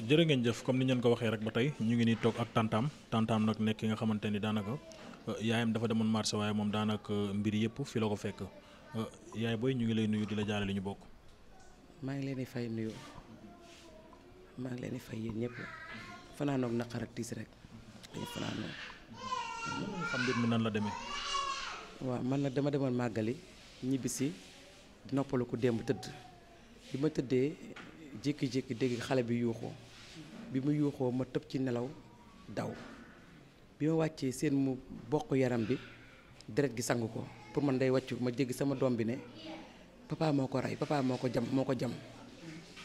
jërë ngeen jëf comme ni ngeen ko waxee rek ba tey ñu ngi nii toog ak tantaam tantaam nag nekk ki nga xamante ni daanaka euh, yaayam dafa demoon marché waaye moom daanaka euh, mbir yëpp fi la ko fekk euh, yaay booy ñu ngi lay nuyu di la jaale li ñu bokk. maa ngi leen di fay nuyu maa ngi leen di fay yéen ñëpp fanaanoog naqar ak tiis rek dañu fanaanoog. xam mbir mi nan la demee. waaw man nag dama demoon màggali ñibbisi noppalu ko démb tëdd bi ma tëddee jékki-jékki dégg xale bi yuuxoo bi mu yuuxoo ma tëb ci nelaw daw bi ma wàccee seen mu boq yaram bi deret gi sang ko pour man day wàccu ma jéggi sama doom bi ne papa moo ko rey papa moo ko jam moo ko jam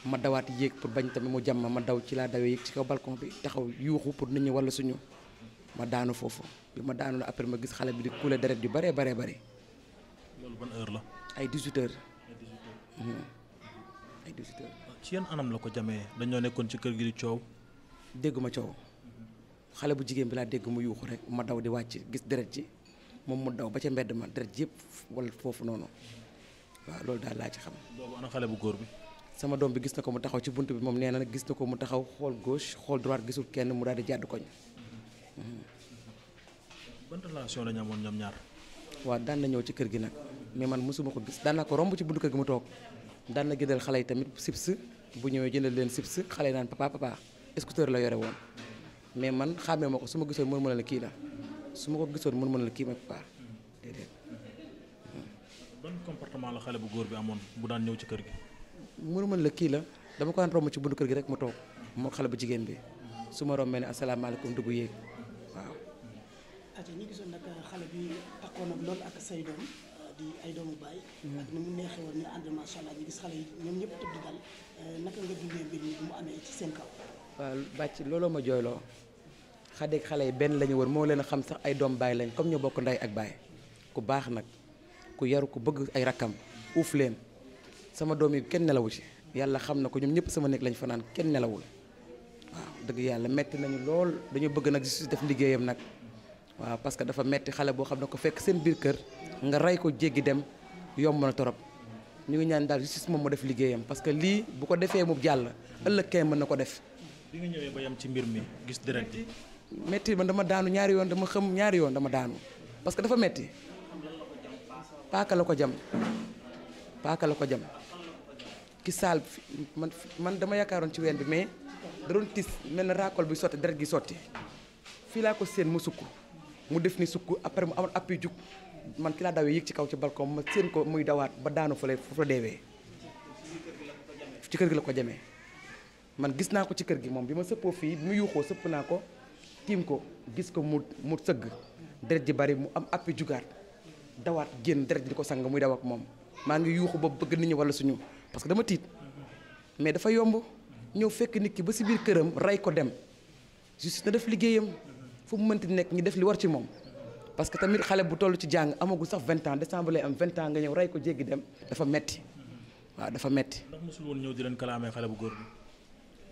ma dawaat yéeg pour bañ tamit mu jam ma ma daw ci laa dawee yéeg ci kaw balcon bi taxaw yuuxu pour nit ñi walla suñu ma daanu foofu bi ma daanu la après ma gis xale bi di kuule deret yu bare bare bare loolu la ay 18 ci yan anam la ko jamee dañoo nekkoon ci kër gi di coow. dégg ma coow xale bu jigéen bi laa dégg mu yuuxu rek ma daw di wàcc gis deret ji moom mu daw ba ca mbedd ma deret ji yëpp wala foofu noonu waaw loolu daal laa ci xam. boobu ana xale bu góor bi. sama doom bi gis na ko mu taxaw ci bunt bi moom nee na gis na ko mu taxaw xool gauche xool droite gisul kenn mu daal di jàdd koñ. Mm-hmm. ban relation la ñu amoon ñoom ñaar. waaw daan na ñëw ci kër gi nag mais man mosuma ko gis daan naa ko romb ci buntu kër gi mu toog daan na xale yi tamit sib bu ñëwee jëlal leen sips xale yi naan papa papa scooter la yore woon mais man xàmmee ma ko su ma gisoon mën mën la kii la su ma ko gisoon mën mën la kii ma papa déedéet. Hmm. la xale bu góor bi amoon bu daan ñëw ci kër gi. mën mën la kii la dama ko daan romb ci buntu kër gi rek mu toog moo xale bu jigéen bi su ma rombee ne asalaamaaleykum dugg yéeg waaw. ati ñu gisoon say doom. di ay doomu baay. Mm-hmm. ak ni mu neexee woon ah, eh, bàcc looloo ma jooyloo xadeeg xale yi benn lañu woon moo leen xam sax ay doom baay lañ comme ñu bokk ndey ak baay ku baax nag ku yaru ku bëgg ay rakkam uuf leen sama doom yi kenn nelawu ci yàlla xam na ko ñoom ñëpp sama nekk lañ fanaan kenn nelawul waaw dëgg yàlla metti nañu lool dañu bëgg nag justice def liggéeyam nag. waaw parce que dafa metti xale boo xam ne ko fekk seen biir kër nga rey ko jéggi dem yomb na torop ñu ngi ñaan daal justice moom moo def liggéeyam parce que lii bu ko defee mu jàll ëllëg kee mën na ko def. bi nga ñëwee ba yam ci mbir mi gis deret ji. metti man dama daanu ñaari yoon dama xam ñaari yoon dama daanu parce que dafa metti paaka la ko jam paaka la ko jam ki saal man man dama yaakaaroon ci ween bi mais da tis mel na raakol bi sotti deret gi sotti fii laa ko seen mu sukk mu def ni sukk après mu am appui jug man ki laa dawee yéeg ci kaw ci balcon ma séen ko muy dawaat ba daanu fële foofu la deewee ci kër gi la ko jamee man gis naa ko ci kër gi moom bi ma sëppoo fii mu yuuxoo sëpp naa ko tiim ko gis ko mu mu sëgg deret ji bari mu am appui jugaat dawaat génn deret ji di ko sang muy daw ak moom maa ngi yuuxu ba bëgg nit ñi wala suñu parce que dama tiit mais dafa yomb ñëw fekk nit ki ba si biir këram rey ko dem justice na def liggéeyam fu mu mënti nekk ñu def li war ci moom parce que tamit xale bu toll ci jàng amagu sax vingt ans décembre lay am vingt ans nga ñëw rey ko jéggi dem dafa metti waaw dafa metti ndax mosul woon ñëw di leen kalaamee xale bu góor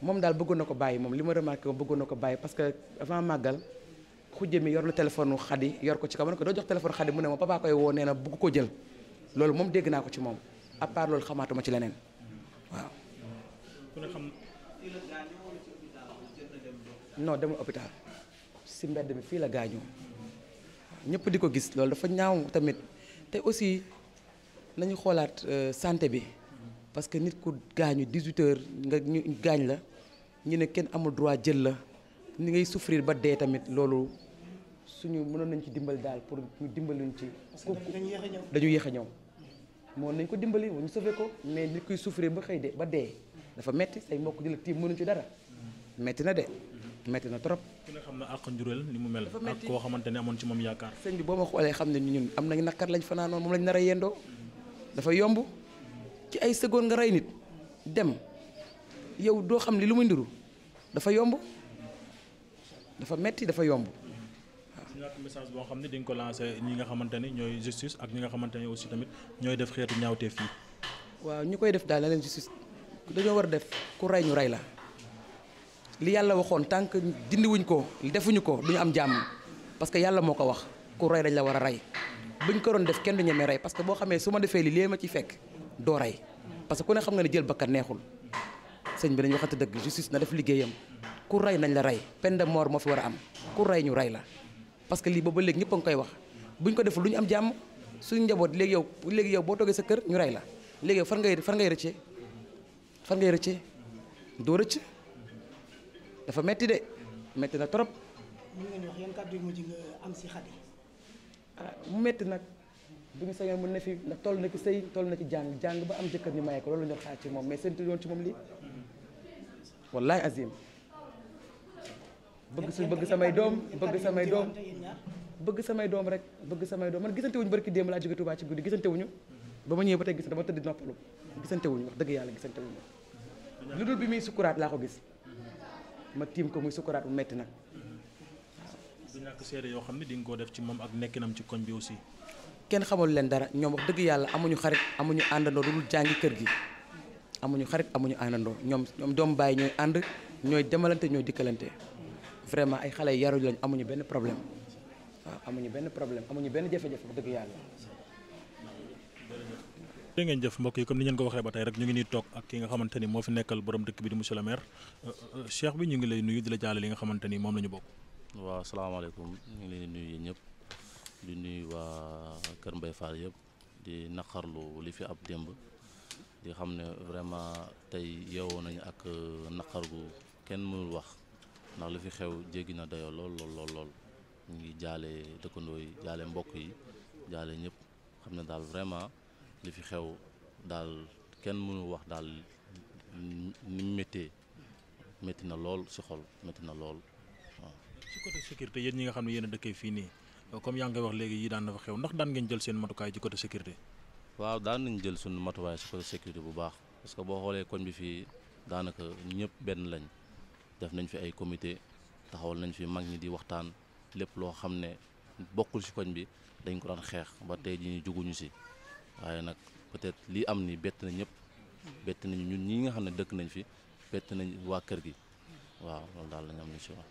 moom daal bëggoon na ko bàyyi moom li ma remarqué moom bëggoon na ko bàyyi parce que avant màggal xujje mi yor la téléphone xadi yor ko ci kaw ma ne ko doo jox téléphone xadi mu ne ma papa koy woo nee na bëgg ko jël loolu moom dégg naa ko ci moom à part loolu xamaatuma ci leneen waaw. ku ne demul si mbedd bi fii la gaañoo ñëpp di ko gis loolu dafa ñaaw tamit te aussi nañu xoolaat euh, santé bi parce que nit ku gaañu 18 nga ñu gaañ la ñu ne kenn amul droit jël la ni ngay souffrir ba dee tamit loolu suñu mënoon nañ ci dimbali daal pour ñu dimbaluñ ci. dañu yéex a ñëw. moo nañ ko dimbali ñu sauvé ko mais nit kuy souffrir ba xëy de ba dee dafa metti say mbokk jël tiim mënuñ ci dara metti na de. métti na trop. ki nga xam ne àq njureel ni mu mel. ak koo xamante ne amoon ci moom yaakaar. sëñ bi boo ma xoolee xam ne ñun am nañ nakar lañ fanaanoon moom lañ nar a yendoo dafa yomb ci ay seconde nga rey nit dem yow doo xam li lu muy ndiru dafa yomb dafa metti dafa yomb. ñaata message boo xam ne di ko lancé ñi nga xamante ne ñooy justice ak ñi nga xamante ne aussi tamit ñooy def xeetu ñaawteef yi. waaw ñu koy def daal na leen justice dañoo war a def ku rey ñu rey la. li yàlla waxoon tant que dindiwuñ ko defuñu ko duñu am jàmm parce que yàlla moo ko wax ku rey dañ la war a rey buñ ko doon def kenn du ñemee rey parce que boo xamee su ma defee li lée ma ci fekk doo rey parce ku ne xam nga ne jël bakkan neexul sëñ bi nañ waxante dëgg justice na def liggéeyam ku rey nañ la rey peine de moo fi war a am ku rey ñu rey la parce que lii booba léegi ñëpp nga koy wax buñ ko deful ñu am jàmm suñu njaboot léegi yow léegi yow boo toogee sa kër ñu rey la léegi fan ngay fan ngay rëccee fan ngay rëccee doo dafa metti de metti na trop. mën nga ñu wax am si xadi. ah mu metti nag bu ñu sañoon mën na fi ndax toll na ci sëy toll na ci jàng jàng ba am jëkkër ñu maye ko loolu la ñu xaar ci moom mais seentu yoon ci moom lii wallaay azim bëgg sa bëgg samay doom bëgg samay doom bëgg samay doom rek bëgg samay doom man gisante barki démb laa jóge Tuubaa ci guddi gisante wuñu ba ma ñëwee ba tey gis dama tëdd noppalu gisante wuñu wax dëgg yàlla gisante wuñu lu dul bi muy sukkuraat laa ko gis ma tiim ko muy sukuraat bu metti nag waaw. du ñàkk seede yoo xam ne di nga koo def ci moom ak nekkinam ci koñ bi aussi. kenn xamul leen dara ñoom wax dëgg yàlla amuñu xarit amuñu àndandoo lu dul jàngi kër gi amuñu xarit amuñu àndandoo ñoom ñoom doomu bàyyi ñooy ànd ñooy demalante ñooy dikkalante vraiment ay xale yaruñu lañ amuñu benn problème waaw amuñu benn problème amuñu benn jafe-jafe dëgg yàlla. dégg ngeen jëf mbokk yi comme ni ngeen waxee ba tey rek ñu ngi nii toog ak ki nga xamante ni moo fi nekkal borom dëkk bi di monsieur le maire euh, euh, euh, cheikh bi ñu ngi lay nuyu di la jaale li nga xamante ni moom la ñu bokk waaw asalaamaaleykum ñu ngi leen nuy nuyu ñëpp di nuyu waa Kër mbay Fall yëpp di naqarlu li fi ab démb di xam ne vraiment tey yeewoo nañu ak naqar gu kenn mënul wax ndax li fi xew jéggi na dayoo lool lool lool ñu ngi jaale dëkkandoo yi jaale mbokk yi jaale ñëpp xam ne daal vraiment li fi xew daal kenn mënu wax daal ni méttee metti na lool si xol metti na lool waa ci côté xam ne yéen a dëkkee fii nii comme yaa ngay wax léegi yi daan dafa xew ndax daan ngeen jël seen matukaay ci côté sécurité. waaw daan nañ jël suñu matuwaay si côté sécurité bu baax parce que boo xoolee koñ bi fii daanaka ñëpp benn lañ def nañ fi ay comité taxawal nañ fi mag ñi di waxtaan lépp loo xam ne bokkul si koñ bi dañ ko daan xeex ba tey jii ñu juguñu si. waaye nag peut-être lii am ni bett nañ ñëpp bett nañu ñun ñi nga xam ne dëkk nañ fi bett nañ waa kër gi waaw loolu daal la am lu si wax.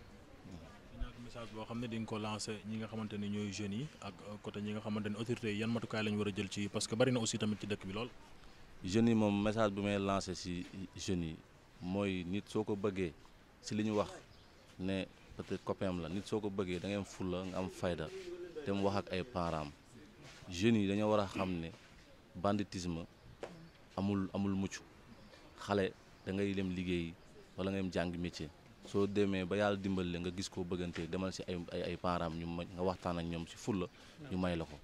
message boo xam ne di ko lancé ñi nga xamante ne ñooy jeunes yi ak euh, côté ñi nga xamante ne autorité yi yan matukaay la war a jël ci parce que bari na aussi tamit ci dëkk bi lool. jeunes yi moom message bi may lancé si jeunes yi mooy nit soo ko bëggee si li ñu wax ne peut-être copain am la nit soo ko bëggee da ngay am fulla nga am fayda te mu wax ak ay parents jeunes yi dañoo war a xam ne. banditisme amul amul mucc xale da ngay dem liggéey wala nga dem jàngi métier soo demee ba yàlla dimbali la nga gis koo bëggante demal si ay ay ay parents ñu nga waxtaan ak ñoom si fulla ñu may la ko.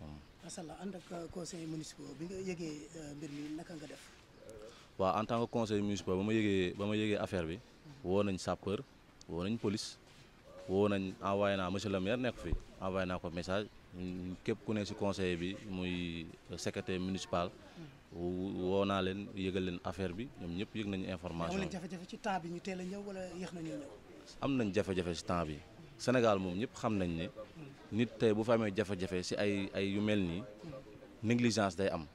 Hmm. masalla ànd ak conseil municipal euh, mi naka nga en tant conseil municipal ba ma yëgee ba ma yëgee affaire bi woo nañ sapeur woo nañ police woo nañ envoyé naa monsieur le maire nekk fi envoyé naa ko message. képp ku ne si conseil bi muy secrétaire municipal. woo naa leen yëgal leen affaire bi ñoom ñëpp yëg nañu information bi. ci temps bi ñu teel a ñëw wala yéex nañu ñëw. am nañ jafe-jafe si temps bi. Sénégal moom ñëpp xam nañ ne. nit tey bu fa amee jafe-jafe si ay ay yu mel nii. négligence day am.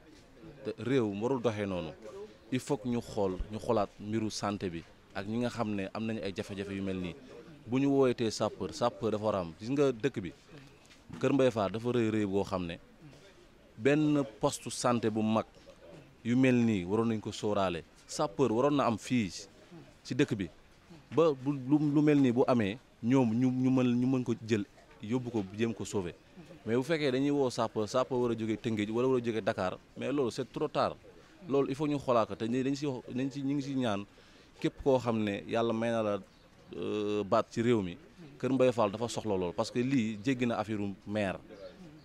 te réew warul doxee noonu. il faut ñu xool ñu xoolaat mbiru santé bi ak ñi nga xam ne am nañu ay jafe-jafe yu mel nii bu ñu woowetee sapeur sapeur dafa war a am gis nga dëkk bi Kër Mbaye Fall dafa rëy rëy boo xam ne benn poste santé bu mag yu mel nii waroon nañ ko sooraale sapeur waroon na am fii ci dëkk bi ba bu lu mel nii bu amee ñoom ñu ñu mën ñu mën ko jël yóbbu ko jéem ko sauver mais bu fekkee dañuy woo sapeur sapeur war a jógee Tëngéej wala war a jóge dakaar mais loolu c'est trop loolu il faut ñu xoolaat ko te ñi dañ si dañ si ñu ngi si ñaan képp koo xam ne yàlla may na la euh, baat ci réew mi Kër mbay Fall dafa soxla lool parce que lii jéggi na affaire maire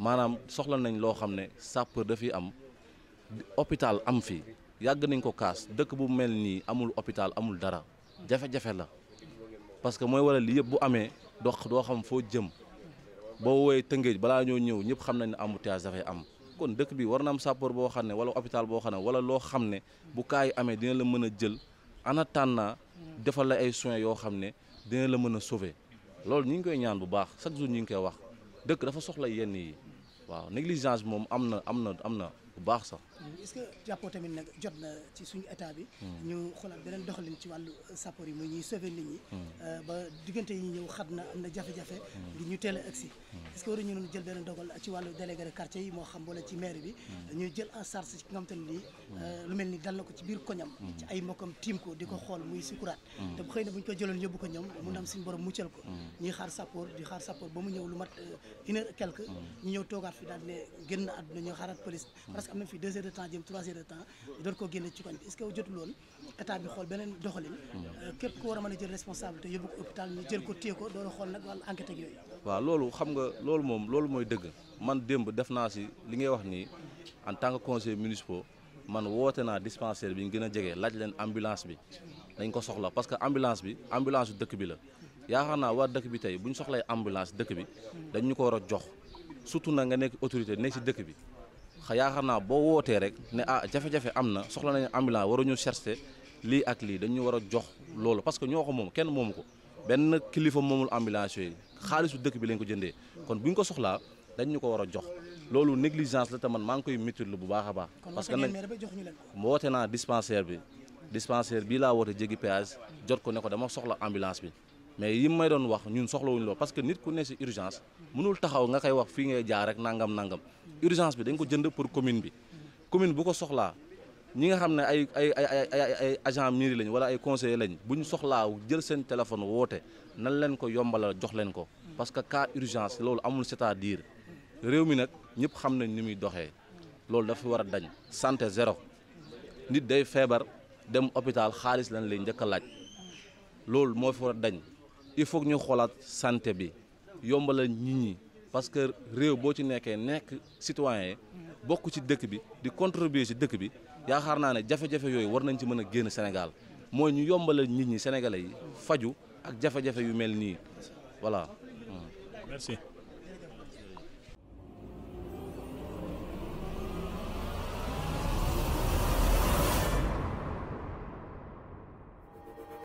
maanaam soxla nañ loo xam ne sapeur dafiy am hôpital am fii yàgg nañ ko kaas dëkk bu mel nii amul hôpital amul dara jafe-jafe la parce que mooy wala lii yëpp bu amee dox doo xam foo jëm boo woowee tëngéej balaa ñoo ñëw ñëpp xam nañ ne embouteillage dafay am kon dëkk bi war na am sapeur boo xam ne wala hôpital boo xam ne wala loo xam ne bu kaa yi amee dina la mën a jël en attendant defal la ay soins yoo xam ne dina la mën a sauver loolu ñu ngi koy ñaan bu baax chaque jour ñu ngi koy wax dëkk dafa soxla yenn yi waaw négligence moom am na am na am na bu baax sax est-ce que jàppoo tamit nag jot na ci suñu état bi. Hmm. ñu xoolaat beneen doxalin ci wàllu euh, sapeurs yi muy ñuy sauver nit ñi. Hmm. Euh, ba diggante yi ñëw xat na am na jafe-jafe. Hmm. ngir ñu teel a agsi. est-ce que waruñu doon jël beneen ci wàllu délégué de quartier yi moo xam wala ci maire bi. ñu jël en charge ci nga euh, mel ni dal ko ci biir koñam. ci ay ko di ko xool muy sukuraat. bu xëy na bu ñu ko jëloon ko ñoom mun am suñu borom muccal ko. ñuy xaar sapeur di xaar ba mu ñëw lu mat une heure quelque. ñu ñëw toogaat fi daal ne génn àdduna ñu xaaraat police parce que am na fi deux de temps jëm 3 heures de temps doon koo génne ci koñ bi est-ce que jotul woon état bi xool beneen doxalin euh, képp ku war a mën a jël responsabilité yóbbu ko hôpital ñu jël ko téye ko doon xool nag wàllu enquête ak yooyu waaw loolu xam nga loolu moom loolu mooy dëgg man démb def naa si li ngay wax nii en tant que conseiller municipal man woote naa dispensaire bi ñu gën a jege laaj leen ambulance bi dañ ko soxla parce que ambulance bi ambulance yu dëkk bi la yaakaar naa waa dëkk bi tey bu ñu soxlay ambulance dëkk bi dañ ñu ko war a jox surtout na nga nekk autorité nekk si dëkk bi yaakaar naa boo wootee rek ne ah jafe-jafe am na soxla nañu ambulance waruñu chercher lii ak lii dañu war a jox loolu parce que ñoo ko moom kenn moomu ko benn kilifa moomul ambulance yooyu xaalisu dëkk bi lañ ko jëndee kon bu ñu ko soxlaa dañ ñu ko war a jox loolu négligence la te man maa ngi koy méttiir bu baax a baax. parce que nañ woote naa dispensaire bi dispensaire bii laa woote jéggi péage jot ko ne ko dama soxla ambulance bi. mais yi may doon wax ñun soxlawuñu lool parce que nit ku ne ci urgence mënul taxaw nga koy wax fii ngay jaar rek nangam nangam urgence bi dañ ko jënd pour commune bi commune bu ko soxlaa ñi nga xam ne ay ay ay ay ay agent mairie lañ wala ay conseiller lañ bu ñu soxlaa jël seen téléphone woote nan leen ko yombalal jox leen ko parce que cas urgence loolu amul cest diir réew mi nag ñëpp xam nañ ñu muy doxee loolu dafa war a dañ sante zéro nit day feebar dem hôpital xaalis lañ lay njëkk a laaj loolu moo fi dañ il faut ñu xoolaat santé bi yombalal nit ñi parce que réew boo ci nekkee nekk citoyen bokk ci dëkk bi di contribuer ci dëkk bi yaakaar naa ne jafe-jafe yooyu war nañ ci mën a génn Sénégal mooy ñu yombalal nit ñi sénégalais yi faju ak jafe-jafe yu mel nii voilà. Hmm.